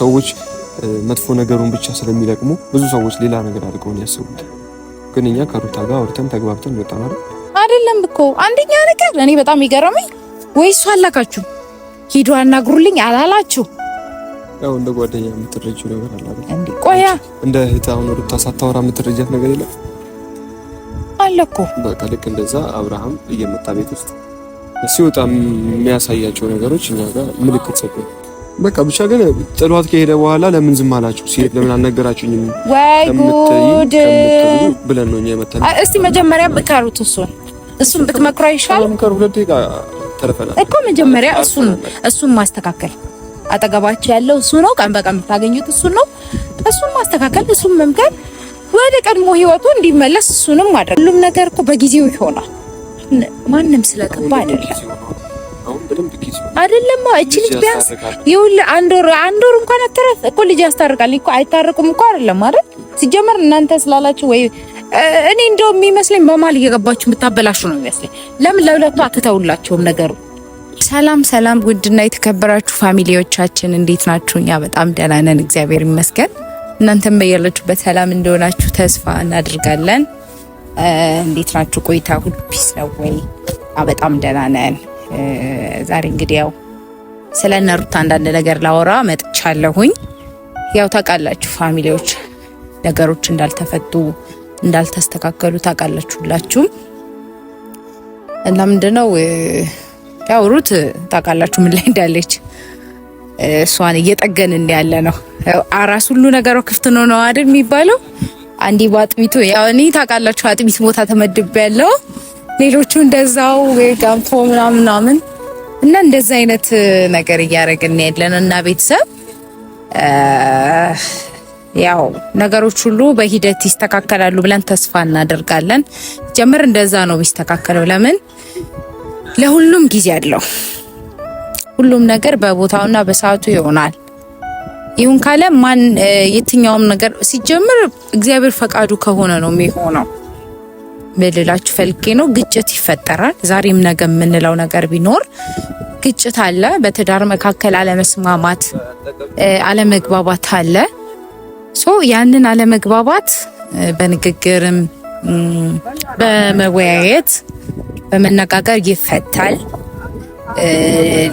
ሰዎች መጥፎ ነገሩን ብቻ ስለሚለቅሙ ብዙ ሰዎች ሌላ ነገር አድርገውን ያስቡታል። ግን እኛ ከሩታ ጋር አውርተን ተግባብተን ይወጣና አይደለም እኮ አንደኛ ነገር እኔ በጣም ይገረመኝ ወይ እሱ አላካችሁ ሂዱ አናግሩልኝ አላላችሁ። ያው እንደ ጓደኛ የምትረጂው ነገር አለ እንዴ? ቆያ እንደ እህት አሁን ሩታ ሳታወራ የምትረጃት ነገር የለም አለ እኮ በቃ ልክ እንደዛ አብርሃም እየመጣ ቤት ውስጥ ሲወጣ የሚያሳያቸው ነገሮች እኛ ጋር ምልክት ሰጡ። በቃ ብቻ ግን ጥሏት ከሄደ በኋላ ለምን ዝም አላችሁ? ሲሄድ ለምን አልነገራችሁኝም? ወይ ጉድ ብለን ነው እኛ የመጣነው። እስቲ መጀመሪያ ብትቀሩት እሱን እሱን ብትመክሩ አይሻልም? ተረፈናል እኮ መጀመሪያ እሱን እሱን ማስተካከል አጠገባችሁ ያለው እሱ ነው። ቀን በቀን የምታገኙት እሱ ነው። እሱን ማስተካከል፣ እሱን መምከር፣ ወደ ቀድሞ ህይወቱ እንዲመለስ እሱንም ማድረግ። ሁሉም ነገር እኮ በጊዜው ይሆናል። ማንም ስለገባ አይደለም አይደለም እቺ ልጅ ቢያንስ ይሁን አንድ ወር አንድ ወር እንኳን አትረፍ እኮ ልጅ ያስታርቃል እኮ አይታረቁም እኮ አይደለም አይደል ሲጀመር እናንተ ስላላችሁ ወይ እኔ እንደው የሚመስለኝ በማል እየገባችሁ የምታበላሹ ነው የሚመስለኝ ለምን ለሁለቱ አትተውላቸውም ነገሩ ሰላም ሰላም ውድና የተከበራችሁ ፋሚሊዎቻችን እንዴት ናችሁ እኛ በጣም ደህና ነን እግዚአብሔር ይመስገን እናንተም በያላችሁበት ሰላም እንደሆናችሁ ተስፋ እናድርጋለን እንዴት ናችሁ ቆይታ ሁሉ ፒስ ነው ወይ በጣም ደህና ነን ዛሬ እንግዲህ ያው ስለ እነ ሩታ አንዳንድ ነገር ላወራ መጥቻለሁኝ። ያው ታውቃላችሁ ፋሚሊዎች ነገሮች እንዳልተፈቱ እንዳልተስተካከሉ ታውቃላችሁ ሁላችሁም። እና ምንድነው ያው ሩት ታውቃላችሁ ምን ላይ እንዳለች እሷን እየጠገንን ያለ ነው። አራስ ሁሉ ነገሯ ክፍት ነው ነው አይደል የሚባለው። አንዴ በአጥቢቱ ያው እኔ ታውቃላችሁ አጥቢት ቦታ ተመድቤ ያለው ሌሎቹ እንደዛው ገንፎ ምናምን ምናምን እና እንደዛ አይነት ነገር እያደረግን ያለን እና ቤተሰብ ያው ነገሮች ሁሉ በሂደት ይስተካከላሉ ብለን ተስፋ እናደርጋለን። ጀምር እንደዛ ነው የሚስተካከለው። ለምን ለሁሉም ጊዜ አለው። ሁሉም ነገር በቦታውና በሰዓቱ ይሆናል። ይሁን ካለ ማን የትኛውም ነገር ሲጀምር እግዚአብሔር ፈቃዱ ከሆነ ነው የሚሆነው። ልላችሁ ፈልጌ ነው። ግጭት ይፈጠራል። ዛሬም ነገ የምንለው ነገር ቢኖር ግጭት አለ። በትዳር መካከል አለመስማማት፣ አለመግባባት አለ። ሶ ያንን አለመግባባት በንግግርም በመወያየት በመነጋገር ይፈታል።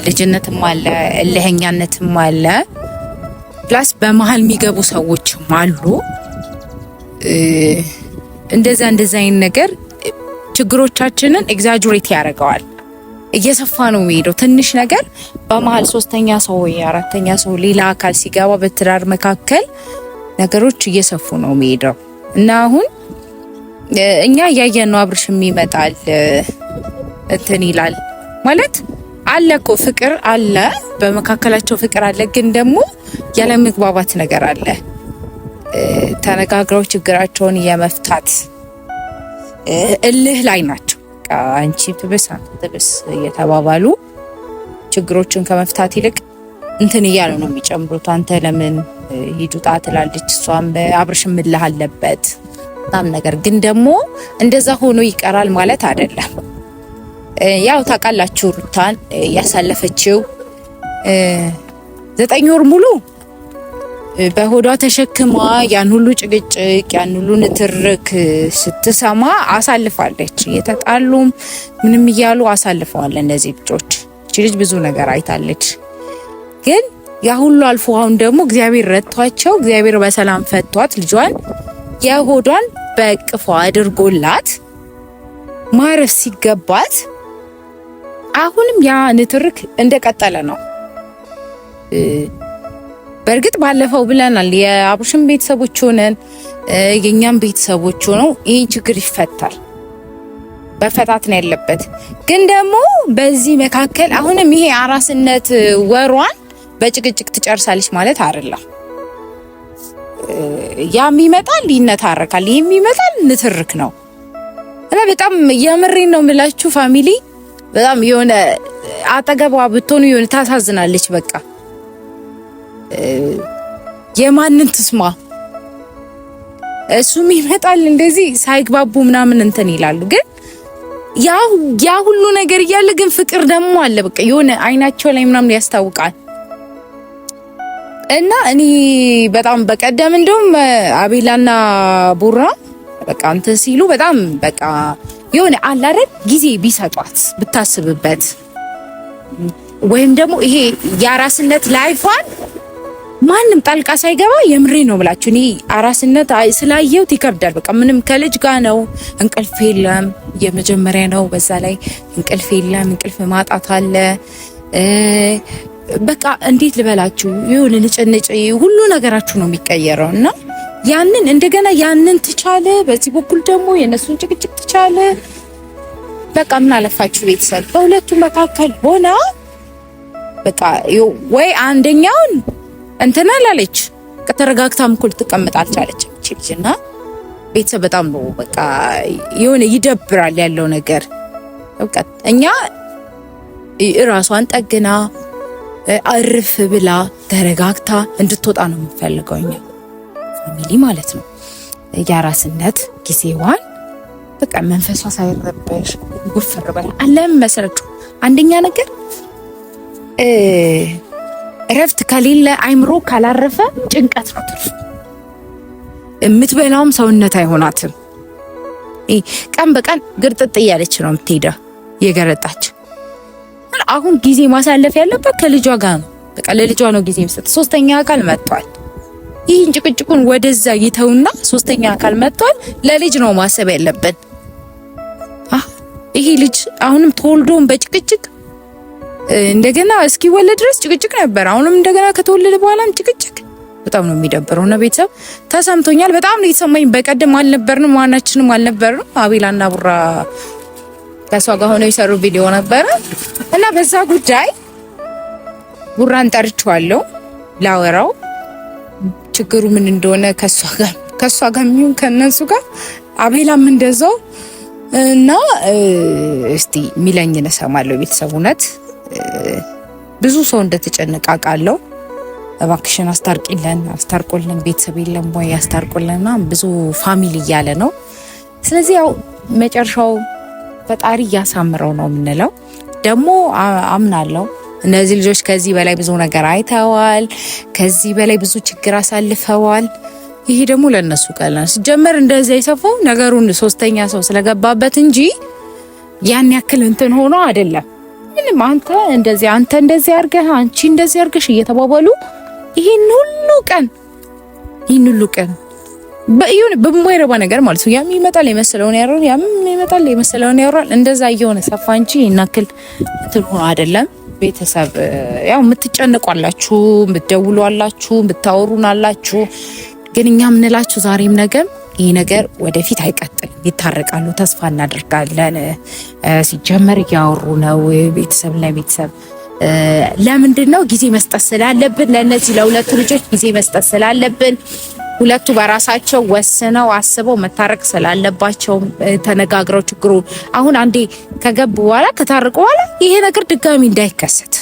ልጅነትም አለ፣ እልህኛነትም አለ። ፕላስ በመሀል የሚገቡ ሰዎችም አሉ። እንደዛ እንደዛ አይነት ነገር ችግሮቻችንን ኤግዛጅሬት ያደርገዋል። እየሰፋ ነው የሚሄደው። ትንሽ ነገር በመሀል ሶስተኛ ሰው ወይ አራተኛ ሰው ሌላ አካል ሲገባ በትዳር መካከል ነገሮች እየሰፉ ነው የሚሄደው እና አሁን እኛ እያየን ነው። አብርሽም ይመጣል እንትን ይላል ማለት አለ እኮ ፍቅር አለ፣ በመካከላቸው ፍቅር አለ፣ ግን ደግሞ ያለመግባባት ነገር አለ። ተነጋግረው ችግራቸውን የመፍታት እልህ ላይ ናቸው። አንቺ ትብስ አንተ ትብስ እየተባባሉ ችግሮችን ከመፍታት ይልቅ እንትን እያሉ ነው የሚጨምሩት። አንተ ለምን ሂዱጣ ትላለች፣ እሷም አብርሽ ምልህ አለበት በጣም ነገር ግን ደግሞ እንደዛ ሆኖ ይቀራል ማለት አይደለም። ያው ታውቃላችሁ ሩታን ያሳለፈችው ዘጠኝ ወር ሙሉ በሆዷ ተሸክማ ያን ሁሉ ጭቅጭቅ ያን ሁሉ ንትርክ ስትሰማ አሳልፋለች። እየተጣሉም ምንም እያሉ አሳልፈዋል እነዚህ ብጮች እቺ ልጅ ብዙ ነገር አይታለች። ግን ያ ሁሉ አልፎ አሁን ደግሞ እግዚአብሔር ረቷቸው፣ እግዚአብሔር በሰላም ፈቷት። ልጇን የሆዷን በቅፏ አድርጎላት ማረፍ ሲገባት አሁንም ያ ንትርክ እንደቀጠለ ነው። በእርግጥ ባለፈው ብለናል የአብርሽን ቤተሰቦች ሆነን የእኛም ቤተሰቦች ሆነው ይህ ችግር ይፈታል። መፈታት ነው ያለበት። ግን ደግሞ በዚህ መካከል አሁንም ይሄ አራስነት ወሯን በጭቅጭቅ ትጨርሳለች ማለት አይደለም። ያም ይመጣል ይነታረካል፣ ይህም ይመጣል ንትርክ ነው እና በጣም የምሬን ነው የምላችሁ ፋሚሊ በጣም የሆነ አጠገቧ ብትሆኑ የሆነ ታሳዝናለች በቃ የማንን ትስማ እሱም ይመጣል እንደዚህ ሳይግባቡ ምናምን እንትን ይላሉ። ግን ያ ሁሉ ነገር እያለ ግን ፍቅር ደግሞ አለ። በቃ የሆነ አይናቸው ላይ ምናምን ያስታውቃል። እና እኔ በጣም በቀደም እንደውም አቤላና ቡራ በቃ እንትን ሲሉ በጣም በቃ የሆነ አለ ጊዜ ቢሰጧት ብታስብበት ወይም ደግሞ ይሄ የአራስነት ላይፏን ማንም ጣልቃ ሳይገባ የምሬ ነው ብላችሁ እኔ አራስነት ስላየሁት ይከብዳል። በቃ ምንም ከልጅ ጋር ነው፣ እንቅልፍ የለም። የመጀመሪያ ነው፣ በዛ ላይ እንቅልፍ የለም። እንቅልፍ ማጣት አለ። በቃ እንዴት ልበላችሁ፣ ይሁን ንጭንጭ፣ ሁሉ ነገራችሁ ነው የሚቀየረው እና ያንን እንደገና ያንን ትቻለ፣ በዚህ በኩል ደግሞ የእነሱን ጭቅጭቅ ትቻለ። በቃ ምን አለፋችሁ ቤተሰብ በሁለቱ መካከል ሆና በቃ ወይ አንደኛውን እንትና ላለች ተረጋግታም እኮ ልትቀመጥ አልቻለችም እቺ ልጅ እና ቤተሰብ በጣም ነው በቃ የሆነ ይደብራል ያለው ነገር በቃ እኛ ራሷን ጠግና አርፍ ብላ ተረጋግታ እንድትወጣ ነው የምፈልገው። እኛ ፋሚሊ ማለት ነው የራስነት ጊዜዋን በቃ መንፈሷ ሳይረበሽ ጉፍር በላ አለም መሰረቱ አንደኛ ነገር እረፍት ከሌለ አይምሮ ካላረፈ ጭንቀት ነው ትርፍ። የምትበላውም ሰውነት አይሆናትም። ቀን በቀን ግርጥጥ እያለች ነው የምትሄደው፣ የገረጣች አሁን ጊዜ ማሳለፍ ያለበት ከልጇ ጋር ነው። በቃ ለልጇ ነው ጊዜ መስጠት። ሶስተኛ አካል መጥቷል። ይህን ጭቅጭቁን ወደዛ ይተውና ሶስተኛ አካል መጥቷል። ለልጅ ነው ማሰብ ያለብን። ይሄ ልጅ አሁንም ተወልዶን በጭቅጭቅ እንደገና እስኪወለድ ድረስ ጭቅጭቅ ነበር። አሁንም እንደገና ከተወለደ በኋላም ጭቅጭቅ በጣም ነው የሚደብረው። እና ቤተሰብ ተሰምቶኛል፣ በጣም ነው የተሰማኝ። በቀደም አልነበርንም፣ ዋናችንም አልነበርንም። አቤላና ቡራ ከሷ ጋር ሆነው የሰሩ ቪዲዮ ነበረ እና በዛ ጉዳይ ቡራን ጠርቼዋለሁ ላወራው ችግሩ ምን እንደሆነ ከሷ ጋር ከሷ ጋር የሚሆን ከነሱ ጋር አቤላም እንደዛው እና እስቲ ሚለኝን እሰማለሁ ቤተሰብ እውነት ብዙ ሰው እንደተጨነቀ አውቃለሁ። እባክሽን አስታርቂልን፣ አስታርቆልን፣ ቤተሰብ የለም ወይ አስታርቁልንና ብዙ ፋሚሊ እያለ ነው። ስለዚህ ያው መጨረሻው ፈጣሪ እያሳምረው ነው የምንለው። ደግሞ አምናለሁ እነዚህ ልጆች ከዚህ በላይ ብዙ ነገር አይተዋል፣ ከዚህ በላይ ብዙ ችግር አሳልፈዋል። ይሄ ደግሞ ለእነሱ ቀላል ሲጀመር እንደዚያ የሰፋው ነገሩን ሶስተኛ ሰው ስለገባበት እንጂ ያን ያክል እንትን ሆኖ አይደለም። ምንም አንተ እንደዚህ አንተ እንደዚህ አርገህ አንቺ እንደዚህ አርገሽ እየተባባሉ ይሄን ሁሉ ቀን ይሄን ሁሉ ቀን በእዩን በማይረባ ነገር ማለት ነው። ያም ይመጣል የመሰለውን ያወራል፣ ያም ይመጣል የመሰለውን ያወራል። እንደዛ እየሆነ ሰፋ እንጂ እናክል እንትኑ አይደለም። ቤተሰብ ያው የምትጨነቋላችሁ፣ አላችሁ፣ የምትደውሉ አላችሁ፣ የምታወሩን አላችሁ። ግን እኛ የምንላችሁ ዛሬም ነገም ይህ ነገር ወደፊት አይቀጥልም፣ ይታረቃሉ፣ ተስፋ እናደርጋለን። ሲጀመር እያወሩ ነው ቤተሰብ ለቤተሰብ ለምንድን ነው ጊዜ መስጠት ስላለብን፣ ለእነዚህ ለሁለቱ ልጆች ጊዜ መስጠት ስላለብን፣ ሁለቱ በራሳቸው ወስነው አስበው መታረቅ ስላለባቸው ተነጋግረው ችግሩ አሁን አንዴ ከገቡ በኋላ ከታረቁ በኋላ ይሄ ነገር ድጋሚ እንዳይከሰት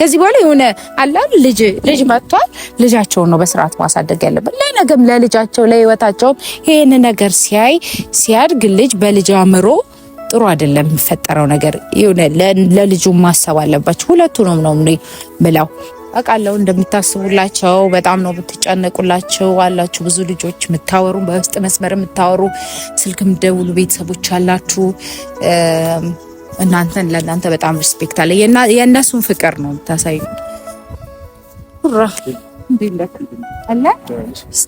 ከዚህ በኋላ የሆነ አላል ልጅ ልጅ መጥቷል። ልጃቸውን ነው በስርዓት ማሳደግ ያለበት። ለነገም ለልጃቸው ለህይወታቸውም ይህን ነገር ሲያይ ሲያድግ ልጅ በልጅ አምሮ ጥሩ አይደለም የሚፈጠረው ነገር ሆነ ለልጁ ማሰብ አለባቸው። ሁለቱንም ነው ነው ብለው አውቃለሁ እንደምታስቡላቸው በጣም ነው የምትጨነቁላቸው። አላችሁ ብዙ ልጆች የምታወሩ በውስጥ መስመር የምታወሩ ስልክ የምትደውሉ ቤተሰቦች አላችሁ። እናንተን ለእናንተ በጣም ሪስፔክት አለ። የእነሱን ፍቅር ነው የምታሳዩ።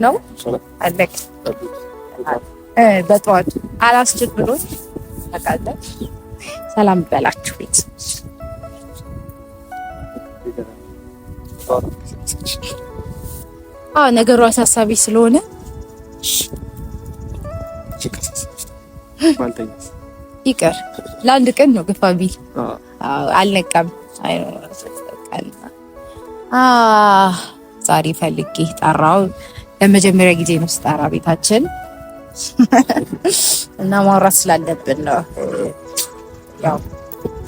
ነው በጠዋቱ ብሎ ሰላም በላችሁ ቤት ነገሩ አሳሳቢ ስለሆነ ይቅር ለአንድ ቀን ነው ግፋ ቢል አልነቃም። ዛሬ ፈልጌ ጠራው። ለመጀመሪያ ጊዜ ነው ስጠራ ቤታችን እና ማውራት ስላለብን ነው። ያው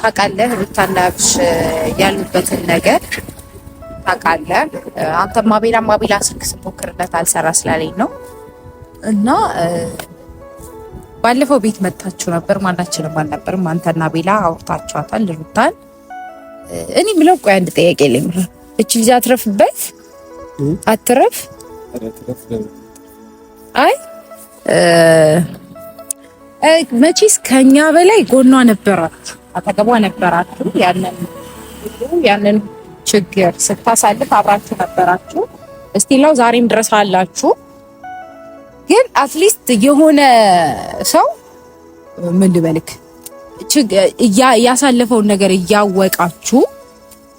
ታውቃለህ፣ ሩታና አብርሽ ያሉበትን ነገር ታውቃለህ። አንተም አቤላ አቤላ ስልክ ስሞክርለት አልሰራ ስላለኝ ነው እና ባለፈው ቤት መታችሁ ነበር፣ ማናችንም አልነበርም። አንተና ቤላ አውርታችኋታል ሩታን። እኔ ብለው ቆይ አንድ ጥያቄ ልኝ። እች ልጅ አትረፍበት አትረፍ። አይ መቼስ ከኛ በላይ ጎኗ ነበራችሁ፣ አጠገቧ ነበራችሁ። ያንን ያንን ችግር ስታሳልፍ አብራችሁ ነበራችሁ። እስቲላው ዛሬም ድረስ አላችሁ። ግን አትሊስት የሆነ ሰው ምን ልበልክ ያሳለፈውን ነገር እያወቃችሁ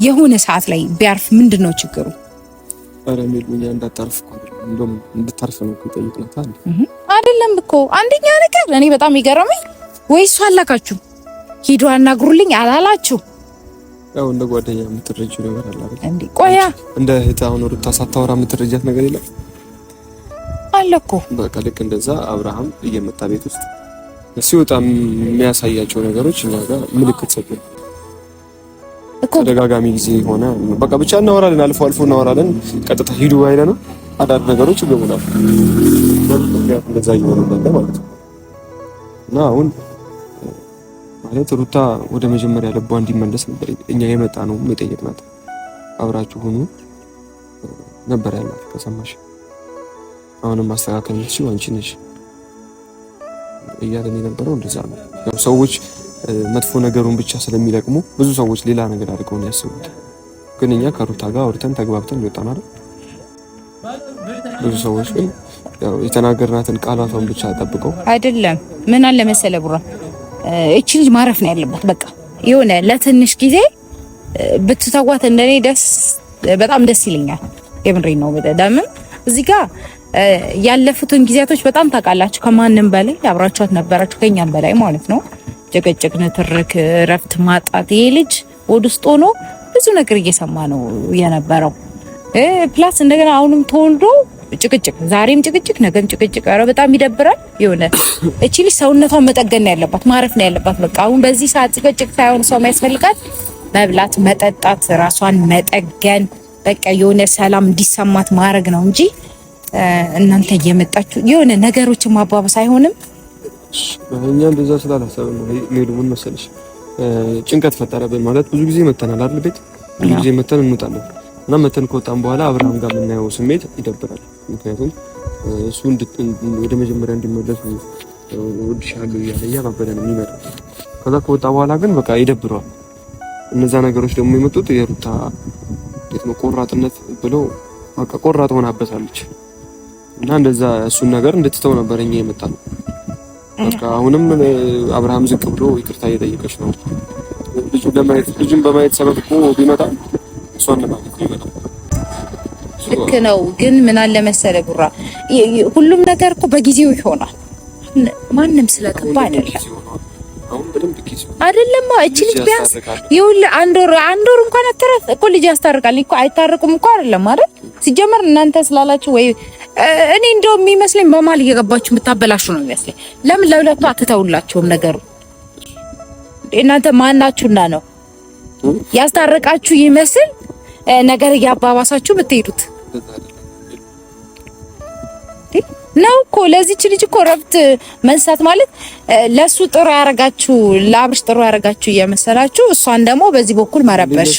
የሆነ ሰዓት ላይ ቢያርፍ ምንድን ነው ችግሩ? አይደለም እኮ አንደኛ ነገር እኔ በጣም ይገረመኝ፣ ወይ እሱ አላካችሁ ሂዶ አናግሩልኝ አላላችሁ። ያው እንደ ጓደኛ የምትረጂው ነገር አለ። ቆያ እንደ እህት አሁን ሩታ ሳታወራ የምትረጃት ነገር የለም አለ በቃ ልክ እንደዛ አብርሃም እየመጣ ቤት ውስጥ ሲወጣ የሚያሳያቸው ነገሮች እኛ ጋር ምልክት ሰጡን እኮ ተደጋጋሚ ጊዜ ሆነ። በቃ ብቻ እናወራለን፣ አልፎ አልፎ እናወራለን። ቀጥታ ሂዱ ባይለ ነው አዳር ነገሮች ይገቡናል። እንደዛ እየሆነ ማለት ነው እና አሁን ማለት ሩታ ወደ መጀመሪያ ልቧ እንዲመለስ ነበር እኛ የመጣ ነው የጠየቅናት። አብራችሁ ሁኑ ነበር ያላት ከሰማሽ አሁንም ማስተካከል የምትችይው አንቺ ነሽ እያለን የነበረው እንደዛ ነው። ያው ሰዎች መጥፎ ነገሩን ብቻ ስለሚለቅሙ ብዙ ሰዎች ሌላ ነገር አድርገው ነው ያስቡት። ግን እኛ ከሩታ ጋር አውርተን ተግባብተን ይወጣን አይደል? ብዙ ሰዎች ግን ያው የተናገርናትን ቃላቷን ብቻ ጠብቀው አይደለም። ምን አለ መሰለ ቡራ፣ እቺ ልጅ ማረፍ ነው ያለባት። በቃ የሆነ ለትንሽ ጊዜ ብትተዋት እንደኔ ደስ በጣም ደስ ይለኛል። የምሬ ነው። ለምን እዚህ ጋር ያለፉትን ጊዜያቶች በጣም ታውቃላችሁ። ከማንም በላይ አብራችኋት ነበራችሁ፣ ከኛም በላይ ማለት ነው። ጭቅጭቅ፣ ንትርክ፣ እረፍት ማጣት፣ ይሄ ልጅ ወደ ውስጥ ሆኖ ብዙ ነገር እየሰማ ነው የነበረው። ፕላስ እንደገና አሁንም ተወልዶ ጭቅጭቅ፣ ዛሬም ጭቅጭቅ፣ ነገም ጭቅጭቅ። ኧረ በጣም ይደብራል። የሆነ እቺ ልጅ ሰውነቷን መጠገን ነው ያለባት፣ ማረፍ ነው ያለባት። በቃ አሁን በዚህ ሰዓት ጭቅጭቅ ሳይሆን ሰው የሚያስፈልጋት መብላት፣ መጠጣት፣ ራሷን መጠገን፣ በቃ የሆነ ሰላም እንዲሰማት ማድረግ ነው እንጂ እናንተ እየመጣችሁ የሆነ ነገሮችን ማባበስ አይሆንም። እኛ እንደዛ ስላላሰብን ነው። ሄዱ ምን መሰለሽ ጭንቀት ፈጠረብን። ማለት ብዙ ጊዜ መተናል አይደል? ቤት ብዙ ጊዜ መተን እንወጣለን እና መተን ከወጣን በኋላ አብርሃም ጋር የምናየው ስሜት ይደብራል። ምክንያቱም እሱ ወደ መጀመሪያ እንዲመለሱ ወድሻለሁ እያለ እያባበለን የሚመጡ ከዛ ከወጣ በኋላ ግን በቃ ይደብረዋል። እነዛ ነገሮች ደግሞ የመጡት የሩታ ቆራጥነት ብለው በቃ ቆራጥ ሆናበታለች። እና እንደዛ እሱን ነገር እንድትተው ነበር እኛ የመጣ ነው። በቃ አሁንም አብርሃም ዝቅ ብሎ ይቅርታ እየጠየቀች ነው። ልጁን በማየት ሰበብ እኮ ቢመጣ እሷን ለማግኘት ይመጣል። ልክ ነው። ግን ምን አለ መሰለ ጉራ፣ ሁሉም ነገር እኮ በጊዜው ይሆናል። ማንም ስለገባ አይደለም አይደለም እቺ ልጅ ቢያንስ ይኸውልህ አንድ ወር አንድ ወር እንኳን አትረፍ እኮ ልጅ ያስታርቃል እኮ አይታርቁም እኮ አይደለም አይደል ሲጀመር እናንተ ስላላችሁ ወይ እኔ እንደው የሚመስለኝ በማል እየገባችሁ የምታበላሹ ነው የሚመስለኝ። ለምን ለሁለቱ አትተውላቸውም ነገሩ? እናንተ ማናችሁና ነው ያስታረቃችሁ ይመስል ነገር እያባባሳችሁ የምትሄዱት? ነው እኮ ለዚች ልጅ እኮ ረብት መንሳት ማለት ለሱ ጥሩ ያረጋችሁ ለአብርሽ ጥሩ ያረጋችሁ እየመሰላችሁ እሷን ደግሞ በዚህ በኩል መረበሽ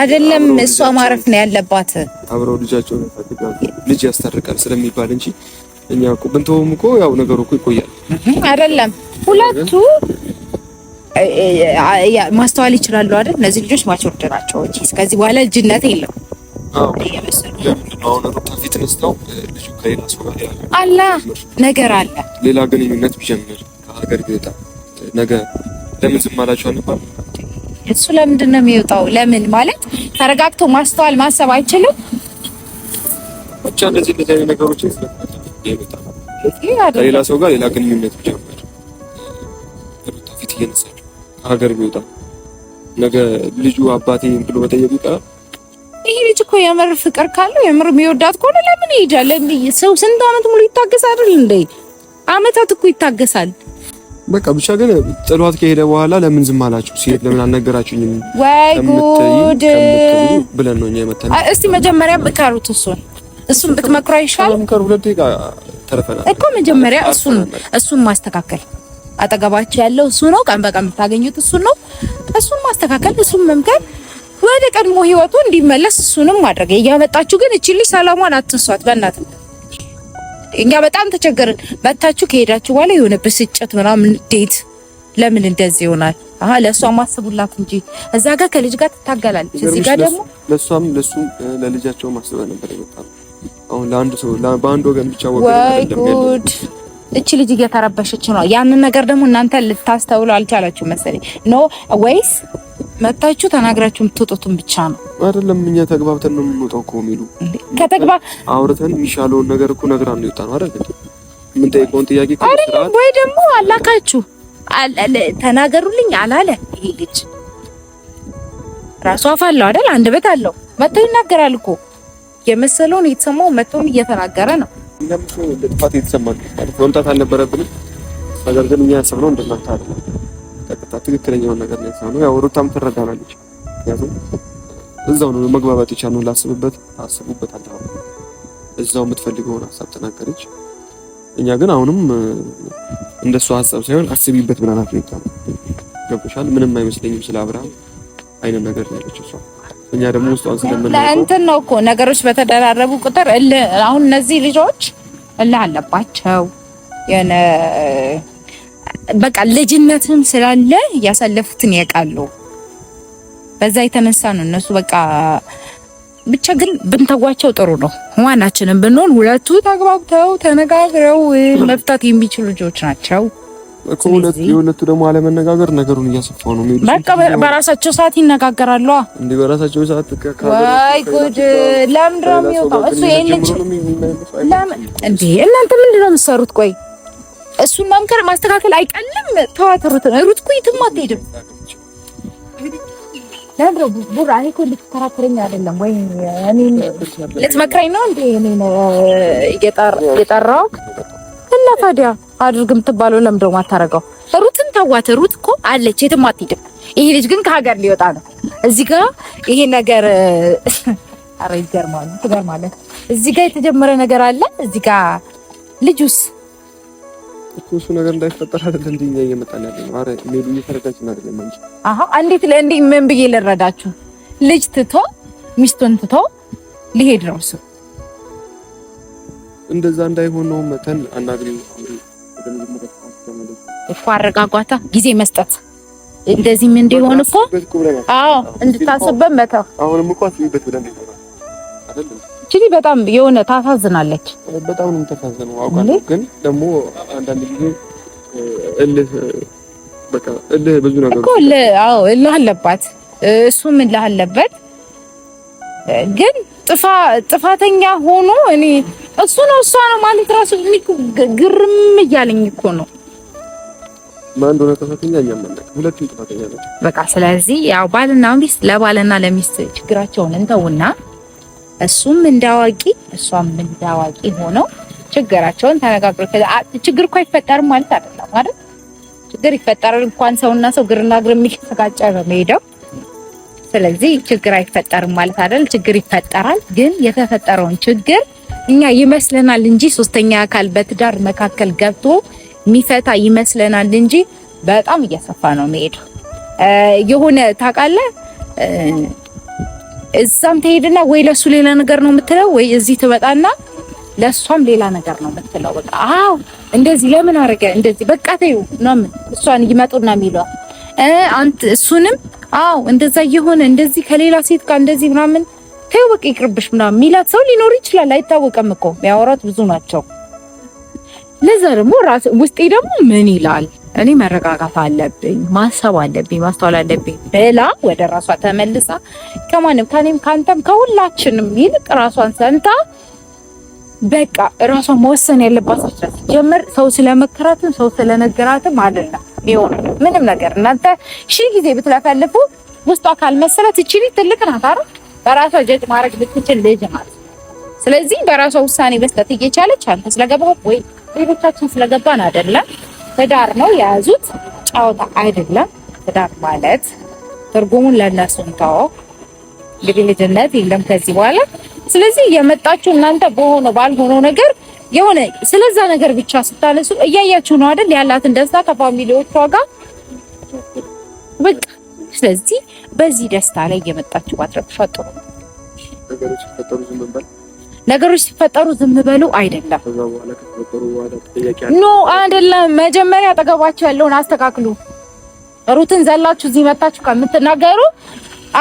አይደለም። እሷ ማረፍ ነው ያለባት። አብረው ልጃቸው ልጅ ያስታርቃል ስለሚባል እንጂ እኛ እኮ ብንተውም እኮ ያው ነገሩ እኮ ይቆያል። አይደለም ሁለቱ ማስተዋል ይችላሉ አይደል? እነዚህ ልጆች ማቾርደራቸው እንጂ ከዚህ በኋላ ልጅነት የለም። ፊትነስ ነው ልጁ ከሌላ ሰው ጋር አለ ነገር አለ ሌላ ግንኙነት ቢጀምር ከሀገር ቢወጣ ነገ ለምን ዝም አላችሁ አንባል? እሱ ለምንድን ነው የሚወጣው? ለምን ማለት ተረጋግቶ ማስተዋል ማሰብ አይችልም። ብቻ እንደዚህ እንደዚህ አይነት ነገሮች ከሌላ ሰው ጋር ሌላ ግንኙነት ቢጀምር ፊት እየነሳችሁ ከሀገር ቢወጣ ነገ ልጁ አባቴ ብሎ በጠየቁ ይቀራል። ይሄ ልጅ እኮ የምር ፍቅር ካለው የምር የሚወዳት ከሆነ ለምን ይሄዳል? ለምን ሰው ስንት አመት ሙሉ ይታገሳል? አይደል እንዴ? አመታት እኮ ይታገሳል። በቃ ብቻ ግን ጥሏት ከሄደ በኋላ ለምን ዝም አላችሁ? ሲሄድ ለምን አልነገራችሁኝም? ወይ ጉድ ብለን ነው እኛ የመጣነው። እስቲ መጀመሪያ ብካሩት እሱን እሱን ብትመክሩ አይሻልም? እኮ መጀመሪያ እሱን እሱን ማስተካከል አጠገባችሁ ያለው እሱ ነው። ቀን በቀን የምታገኙት እሱ ነው። እሱን ማስተካከል፣ እሱን መምከር ወደ ቀድሞ ህይወቱ እንዲመለስ እሱንም ማድረግ እያመጣችሁ ግን እቺ ልጅ ሰላሟን አትንሷት። በእናት እኛ በጣም ተቸገርን። መታችሁ ከሄዳችሁ በኋላ የሆነ ብስጭት ምናምን እንዴት ለምን እንደዚህ ይሆናል? አሀ ለእሷ ማስቡላት እንጂ እዛ ጋር ከልጅ ጋር ትታገላለች፣ እዚህ ጋር ደግሞ ለእሷም ለእሱም ለልጃቸው ማስበ ነበር። በጣም አሁን ለአንድ ሰው በአንድ ወገን ብቻ ወገን እቺ ልጅ እየተረበሸች ነው። ያንን ነገር ደግሞ እናንተ ልታስተውሉ አልቻላችሁ መሰለኝ። ኖ ወይስ መታችሁ ተናግራችሁ የምትወጡትን ብቻ ነው አይደለም? እኛ ተግባብተን ነው የምንወጣው እኮ የሚሉ ከተግባ አውርተን የሚሻለውን ነገር እኮ ነገር ነው የወጣ ነው አይደል? ምን ጠይቀውን ጥያቄ አይደል? ወይ ደግሞ አላካችሁ ተናገሩልኝ አላለ ይሄ ልጅ ራሱ አፍ አለው አይደል? አንደበት አለው መጥቶ ይናገራል እኮ የመሰለውን የተሰማው መጥቶም እየተናገረ ነው። እኛም እኮ እንደ ጥፋት የተሰማን መምጣት አልነበረብንም። ነገር ግን እኛ ያሰብነው አይደለም። ቀጥታ ትክክለኛውን ነገር ነው ያሰብነው። ያው ሩታም ትረዳናለች። ምክንያቱም እዛው ነው መግባባት የቻልነው። ላስብበት አስቡበት አልተባለ እዛው የምትፈልገውን ሀሳብ ተናገረች። እኛ ግን አሁንም እንደሱ ሀሳብ ሳይሆን አስቢበት ብለናት ነው። ገብቶሻል? ምንም አይመስለኝም ስለ አብርሃም አይነት ነገር እሷ እኛ ደግሞ ውስጧን ስለምን ለእንትን ነው እኮ ነገሮች በተደራረቡ ቁጥር አሁን እነዚህ ልጆች እላ አለባቸው የነ በቃ ልጅነትም ስላለ ያሳለፉትን ያውቃሉ። በዛ የተነሳ ነው እነሱ በቃ ብቻ ግን ብንተዋቸው ጥሩ ነው። ዋናችንም ብንሆን ሁለቱ ተግባብተው ተነጋግረው መፍታት የሚችሉ ልጆች ናቸው። ከሁለት የሁለቱ ደግሞ አለመነጋገር ነገሩን እያሰፋው ነው። በቃ በራሳቸው ሰዓት ይነጋገራሉ። እንዴ በራሳቸው ሰዓት ወይ ጉድ! ለምን ድረው የሚወጣው እሱ ይሄን ልጅ ለምን እንዴ? እናንተ ምንድን ነው የምትሰሩት? ቆይ እሱን መምከር ማስተካከል አይቀልም። ተዋተሩት ነው ሩት እኮ የትም አትሄድም። ለምሮ ቡራ እኔ እኮ ልትከራከረኝ አይደለም ወይ እኔ ልትመክረኝ ነው እንዴ? እኔ ነው የጠራሁት እና ታዲያ አድርግ የምትባለው ለምንድን ማታረገው ሩትን ተዋት። ሩት እኮ አለች የትም አትሄድም። ይሄ ልጅ ግን ከሀገር ሊወጣ ነው። እዚህ ጋር ይሄ ነገር አረ ይገርማል፣ ትገርማለህ። እዚህ ጋር የተጀመረ ነገር አለ። እዚህ ጋር ልጁስ እኮ እሱ ነገር እንዳይፈጠር አይደል እንዴ እኛ እየመጣን ያለ ነው። አረ ሜዱ እየተረዳችን አይደለም እንጂ አሃ፣ እንዴት ለእንዴ ምን ብዬ ልረዳችሁ? ልጅ ትቶ ሚስቱን ትቶ ሊሄድ ነው እሱ እንደዛ እንዳይሆን ነው መተን አናግሪው እኮ አረጋጓታ ጊዜ መስጠት እንደዚህም እንዲሆን እኮ አዎ እንድታስብበት መተው። አሁንም እኮ አስቢበት ብለን እንግዲህ በጣም የሆነ ታሳዝናለች። በጣም ነው የምታሳዝነው አውቃለሁ። ግን ደግሞ አንዳንድ ጊዜ እልህ በቃ እልህ ብዙ ነገር እኮ እልህ አዎ እልህ አለባት እሱም እልህ አለበት ግን ጥፋተኛ ሆኖ እኔ እሱ ነው እሷ ነው ማለት ራሱ ግርም እያለኝ እኮ ነው። ማን እንደሆነ ጥፋተኛ እያመለክ ሁለቱም ጥፋተኛ ነው። በቃ ስለዚህ ያው ባልና ሚስት ለባልና ለሚስት ችግራቸውን እንተውና እሱም እንዳዋቂ እሷም እንዳዋቂ ሆነው ችግራቸውን ተነጋግሮ ችግር እኮ አይፈጠርም ማለት አይደለም አይደል? ችግር ይፈጠራል እንኳን ሰውና ሰው ግርና ግር የሚል ተጋጨ ነው የሚሄደው ስለዚህ ችግር አይፈጠርም ማለት አይደል። ችግር ይፈጠራል፣ ግን የተፈጠረውን ችግር እኛ ይመስለናል እንጂ ሶስተኛ አካል በትዳር መካከል ገብቶ የሚፈታ ይመስለናል እንጂ በጣም እየሰፋ ነው መሄዱ። የሆነ ታውቃለህ፣ እዛም ትሄድና ወይ ለሱ ሌላ ነገር ነው የምትለው፣ ወይ እዚህ ትመጣና ለእሷም ሌላ ነገር ነው የምትለው። በቃ አዎ፣ እንደዚህ ለምን አደረገ እንደዚህ በቃ ተይው ነው ምን እሷን ይመጡና የሚሏት አንተ እሱንም አዎ እንደዛ እየሆነ እንደዚህ ከሌላ ሴት ጋር እንደዚህ ምናምን ተይው በቃ ይቅርብሽ ምናምን የሚላት ሰው ሊኖር ይችላል። አይታወቅም እኮ የሚያወራት ብዙ ናቸው። ለዛ ደግሞ ራስ ውስጤ ደግሞ ምን ይላል እኔ መረጋጋት አለብኝ፣ ማሰብ አለብኝ፣ ማስተዋል አለብኝ ብላ ወደ ራሷ ተመልሳ ከማንም ከኔም ከአንተም ከሁላችንም ይልቅ ራሷን ሰንታ በቃ ራሷ መወሰን ያለባት ጀመር። ሰው ስለመከራትም ሰው ስለነገራትም አይደለም ቢሆን ምንም ነገር እናንተ ሺህ ጊዜ ብትለፈልፉ ውስጧ ካልመሰለት እቺ ልጅ ትልቅ ናት አይደል? በራሷ ጀጅ ማድረግ ብትችል ልጅ ማለት ስለዚህ በራሷ ውሳኔ መስጠት እየቻለች አንተ ስለገባ ወይ ሌሎቻችን ስለገባን አይደለም። ትዳር ነው የያዙት ጨዋታ አይደለም። ትዳር ማለት ትርጉሙን ለእነሱ እንተወው። እንግዲህ ልጅነት የለም ከዚህ በኋላ ስለዚህ የመጣችሁ እናንተ በሆነ ባልሆነው ነገር የሆነ ስለዛ ነገር ብቻ ስታነሱ እያያችሁ ነው አይደል? ያላትን ደስታ ከፋሚሊዎቿ ጋር በቃ ስለዚህ በዚህ ደስታ ላይ እየመጣችሁ ባትረብሹ ጥሩ። ነገሮች ሲፈጠሩ ዝም በሉ አይደለም፣ ኖ አይደለም። መጀመሪያ አጠገባችሁ ያለውን አስተካክሉ። ሩትን ዘላችሁ እዚህ መጣችሁ ከምትናገሩ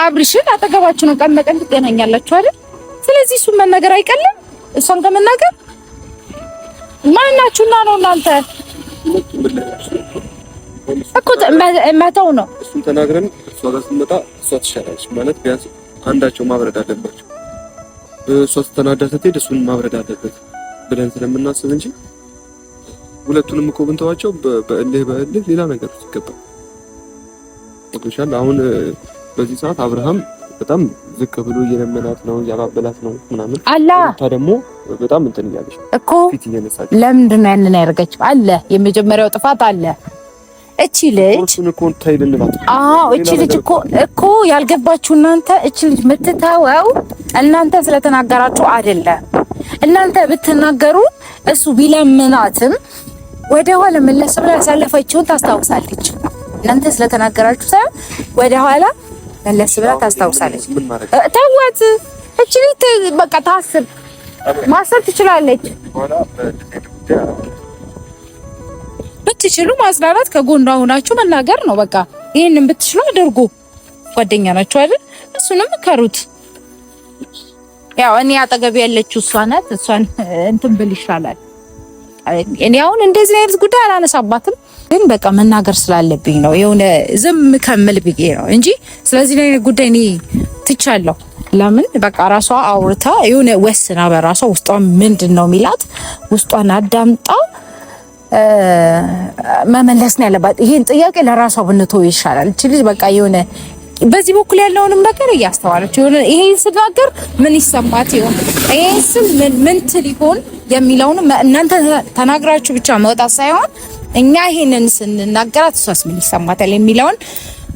አብርሽን አጠገባችሁ ነው ቀን በቀን ትገናኛላችሁ አይደል? ስለዚህ እሱን መናገር አይቀልም እሷን ከመናገር ማናችሁና ነው እናንተ እኮ መተው ነው። እሱን ተናግረን እሷ ጋር ስትመጣ እሷ ትሻላለች ማለት ቢያንስ አንዳቸው ማብረድ አለባቸው። እሷ ስትናዳ ስትሄድ እሱን ማብረድ አለበት ብለን ስለምናስብ እንጂ ሁለቱንም እኮ ብንተዋቸው በእልህ በእልህ ሌላ ነገር ይገባል። አሁን በዚህ ሰዓት አብርሃም በጣም ዝቅ ብሎ እየለመናት ነው፣ እያባበላት ነው ምናምን አላ ታ ደግሞ በጣም እንትን እያለች እኮ ፊት እየነሳች ለምንድን ነው ያንን ያደርገችው? አለ የመጀመሪያው ጥፋት አለ። እቺ ልጅ አዎ እቺ ልጅ እኮ እኮ ያልገባችሁ እናንተ እቺ ልጅ የምትተወው እናንተ ስለተናገራችሁ አይደለም። እናንተ ብትናገሩ እሱ ቢለምናትም ወደ ኋላ መለስ ብላ ያሳለፈችውን ታስታውሳለች። እናንተ ስለተናገራችሁ ሳይሆን ወደ ኋላ መለስ ብላ ታስታውሳለች። ተወት እችሊት በቃ ታስብ ማሰብ ትችላለች። ብትችሉ ማጽናናት ከጎኗ ሆናችሁ መናገር ነው። በቃ ይህንን ብትችሉ አድርጉ። ጓደኛ ናችሁ አይደል? እሱንም ከሩት ያው እኔ አጠገብ ያለችው እሷ ናት። እሷን እንትን ብል ይሻላል። እኔ አሁን እንደዚህ አይነት ጉዳይ አላነሳባትም፣ ግን በቃ መናገር ስላለብኝ ነው የሆነ ዝም ከምል ብዬ ነው እንጂ ስለዚህ አይነት ጉዳይ እኔ ትቻለሁ። ለምን በቃ ራሷ አውርታ የሆነ ወስና በራሷ ውስጧ ምንድን ነው የሚላት ውስጧን አዳምጣ መመለስ ነው ያለባት። ይህን ጥያቄ ለራሷ ብንተው ይሻላል። ችል በቃ የሆነ በዚህ በኩል ያለውንም ነገር እያስተዋለች ይሄን ስናገር ምን ይሰማት ይሆን ይሄን ስም ምን ትል ይሆን የሚለውን እናንተ ተናግራችሁ ብቻ መውጣት ሳይሆን እኛ ይሄንን ስንናገራት እሷስ ምን ይሰማታል የሚለውን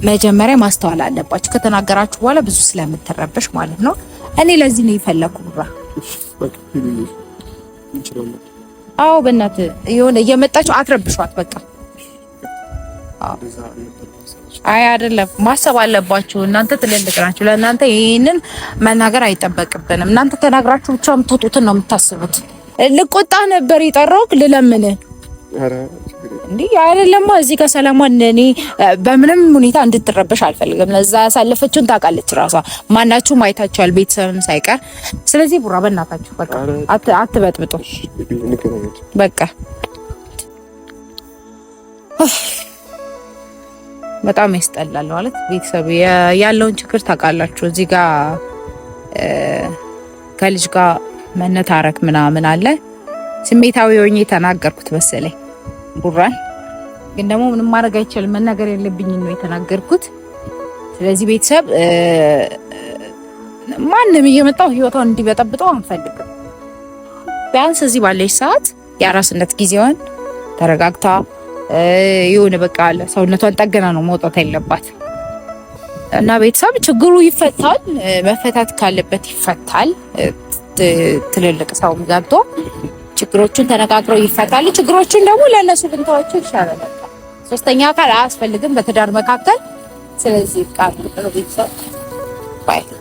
መጀመሪያ ማስተዋል አለባችሁ። ከተናገራችሁ በኋላ ብዙ ስለምትረበሽ ማለት ነው። እኔ ለዚህ ነው የፈለኩ ብራ አዎ፣ በእናት የሆነ እየመጣችሁ አትረብሿት። በቃ አይ አይደለም፣ ማሰብ አለባችሁ እናንተ ትልልቅ ናችሁ። ለእናንተ ይህንን መናገር አይጠበቅብንም። እናንተ ተናግራችሁ ብቻ የምትወጡትን ነው የምታስቡት። ልቆጣ ነበር የጠራው ልለምን እንዲህ አይደለማ። እዚህ ከሰለሞን እኔ በምንም ሁኔታ እንድትረበሽ አልፈልግም። ለዛ ያሳለፈችውን ታውቃለች ራሷ። ማናችሁም አይታችኋል፣ ቤተሰብም ሳይቀር። ስለዚህ ቡራ በእናታችሁ በቃ አትበጥብጡ። በቃ በጣም ያስጠላል ማለት ቤተሰብ ያለውን ችግር ታውቃላችሁ። እዚህ ጋር ከልጅ ጋር መነታረክ ምናምን አለ። ስሜታዊ ሆኜ የተናገርኩት መሰለኝ ቡራን፣ ግን ደግሞ ምንም ማድረግ አይቻልም። መናገር ያለብኝ ነው የተናገርኩት። ስለዚህ ቤተሰብ ማንም እየመጣው ህይወቷን እንዲበጠብጠው አንፈልግም። ቢያንስ እዚህ ባለች ሰዓት የአራስነት ጊዜዋን ተረጋግታ የሆነ በቃ አለ ሰውነቷን ጠገና ነው መውጣት ያለባት እና ቤተሰብ ችግሩ ይፈታል። መፈታት ካለበት ይፈታል። ሁለት ትልልቅ ሰው ገብቶ ችግሮቹን ተነጋግረው ይፈታሉ። ችግሮቹን ደግሞ ለእነሱ ብንተዋቸው ይሻላል። ሶስተኛ አካል አያስፈልግም በትዳር መካከል። ስለዚህ ቃል ቤተሰብ